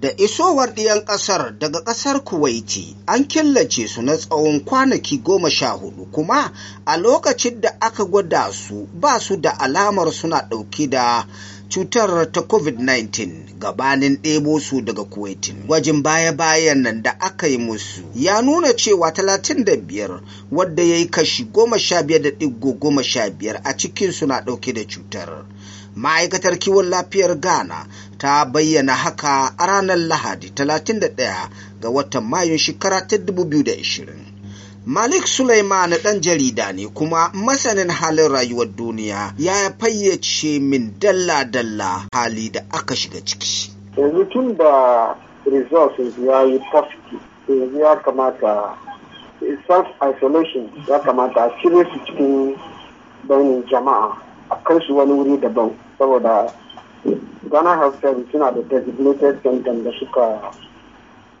da isowar ɗiyan ƙasar daga ƙasar kuwaiti an killace su na tsawon kwanaki goma sha hudu kuma a lokacin da aka gwada su ba su da alamar suna ɗauki da cutar ta covid-19 gabanin ɗebo su daga kuwaitin gwajin baya-bayan nan da aka yi musu ya nuna cewa 35 wadda ya yi kashi 15.15 a cikin suna ɗauke da cutar ma'aikatar kiwon lafiyar ghana ta bayyana haka a ranar lahadi 31 ga watan mayun shekara ta 2020 Malik Suleiman ɗan jarida ne kuma masanin halin rayuwar duniya ya fayyace min dalla-dalla hali da aka shiga ciki. Yanzu tun da resources ya yi positive yanzu ya kamata self-isolation ya kamata a cire su cikin bainin jama'a kai shi wani wuri daban saboda ghana health service suna da designated center da suka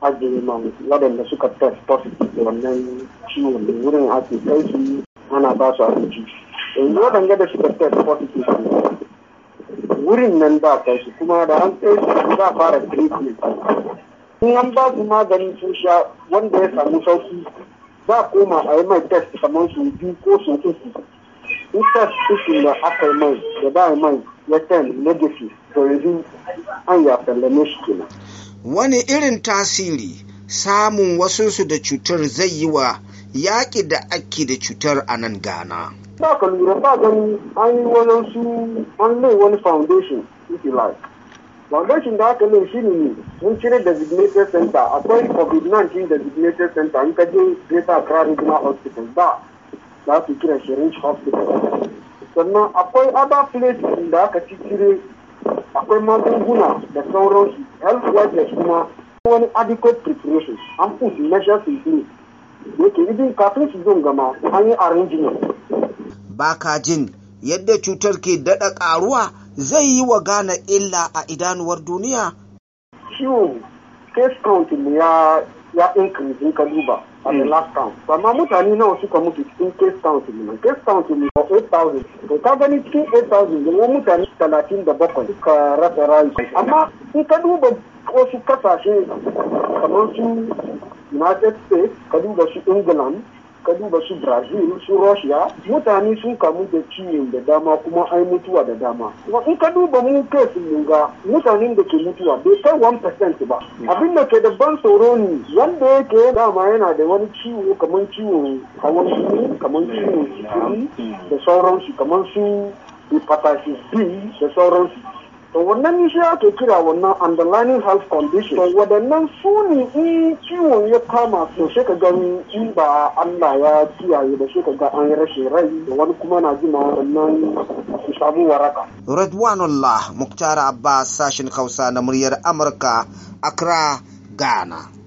ajiye ma waɗanda suka test positive wannan ciwo da wurin ake kai shi ana ba su abinci yanzu waɗanda da suka test positive wurin nan ba kai shi kuma da an kai shi za fara treatment in an ba su maganin sun sha wanda ya samu sauki Ba a koma a yi mai test kamar su biyu ko sun uku Instead, issuing the after man, the by man, return legacy to resume an ya sallame shi kenan. Wani irin tasiri samun wasunsu da cutar zai yi wa yaƙi da ake da cutar a nan Ghana. Ba ka lura ba gani an yi wajen su an lai wani foundation if you like. Foundation da aka lai shine ne mun cire designated center akwai COVID-19 designated center in kaje nesa Greater Accra Regional Hospital ba da ake kira shi range hospital sannan akwai other places da aka cire akwai magunguna da sauransu health workers kuma wani adequate preparation an put measures in place da yake idin kafin su zo gama an yi arrangement ba ka jin yadda cutar ke daɗa ƙaruwa zai yi wa Gana illa a idanuwar duniya ciwon case count ya ya increase in kaluba on the hmm. last count. But my mutani now she come to in case count in my case count in for eight thousand. The company two eight thousand. The woman mutani talatin da bakwai suka rasa rayuwa. Amma in ka duba wasu kasashe kamar su United States, ka duba su England, ka duba su brazil su russia mutane sun kamu da ciwo da dama kuma ai mutuwa da dama kuma in ka duba mu kesin mun ga mutanen da ke mutuwa bai kai 1% ba abin da ke da ban tsoro ne wanda yake dama yana da wani ciwo kamar ciwon hawan jini kamar ciwon jini da sauransu kamar su hepatitis b da sauransu to wannan shi ake kira wannan underlying health condition to waɗannan su ne in ciwon ya kama to sai ka gani in ba Allah ya kiyaye da sai ka ga an rashin rai da wani kuma na jima wannan su samu waraka Redwanullah Muktar Abbas sashin Hausa na muryar Amurka Accra Ghana